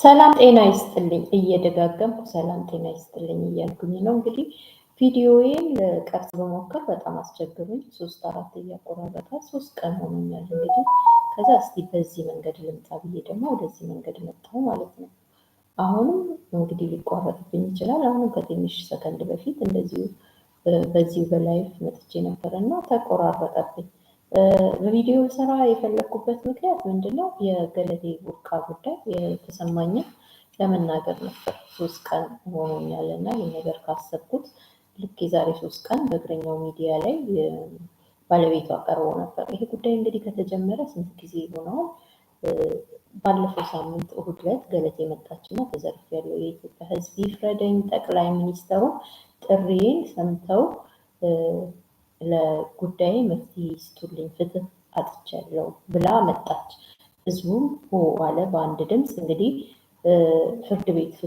ሰላም ጤና ይስጥልኝ እየደጋገምኩ ሰላም ጤና ይስጥልኝ እያልኩኝ ነው። እንግዲህ ቪዲዮዬን ቀርጽ በሞከር በጣም አስቸግሩኝ። ሶስት አራት እያቆራረጠ ሶስት ቀን ሆኖኛል። እንግዲህ ከዛ እስቲ በዚህ መንገድ ልምጣ ብዬ ደግሞ ወደዚህ መንገድ መጣሁ ማለት ነው። አሁንም እንግዲህ ሊቋረጥብኝ ይችላል። አሁንም ከትንሽ ሰከንድ በፊት እንደዚሁ በዚሁ በላይፍ መጥቼ ነበር እና ተቆራረጠብኝ። በቪዲዮ ስራ የፈለግኩበት ምክንያት ምንድነው? የገለቴ ቡርቃ ጉዳይ የተሰማኝን ለመናገር ነበር። ሶስት ቀን ሆኖኛል እና ይህ ነገር ካሰብኩት ልክ የዛሬ ሶስት ቀን በእግረኛው ሚዲያ ላይ ባለቤቷ ቀርቦ ነበር። ይሄ ጉዳይ እንግዲህ ከተጀመረ ስንት ጊዜ ሆነዋል? ባለፈው ሳምንት እሁድ ዕለት ገለቴ የመጣችና ተዘርፍ ያለው የኢትዮጵያ ሕዝብ ይፍረደኝ። ጠቅላይ ሚኒስትሩ ጥሪዬን ሰምተው ለጉዳይ መፍትሄ ስጡልኝ፣ ፍትህ አጥቻለሁ ብላ መጣች። ህዝቡም ሆ አለ በአንድ ድምፅ። እንግዲህ ፍርድ ቤት